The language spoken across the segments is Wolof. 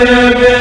Amen.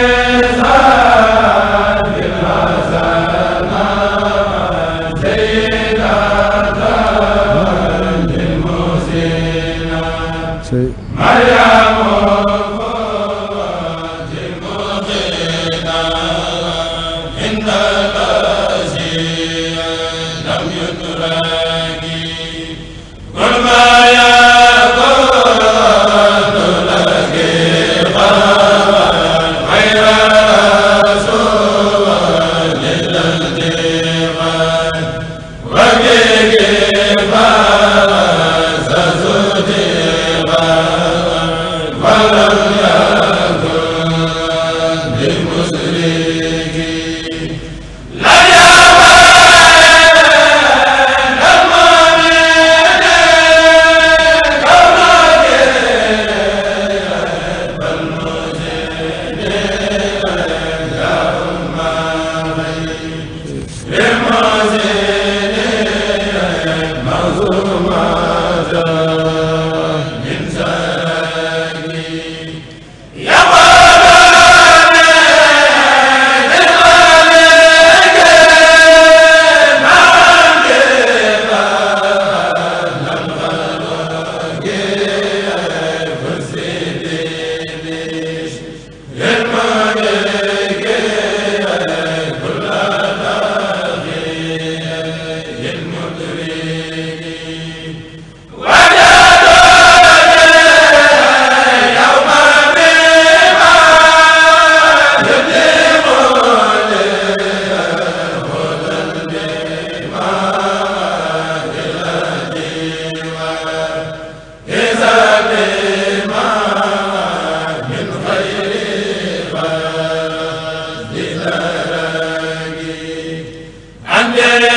Alhamdulillah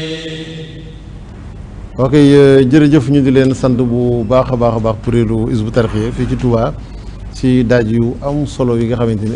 ok euh, jërëjëf ñu di leen sant bu baax a baax a baax pour kuréelu Hizbut Tarqiyyah fii ci Touba ci daaj yu am solo yi nga xamante ni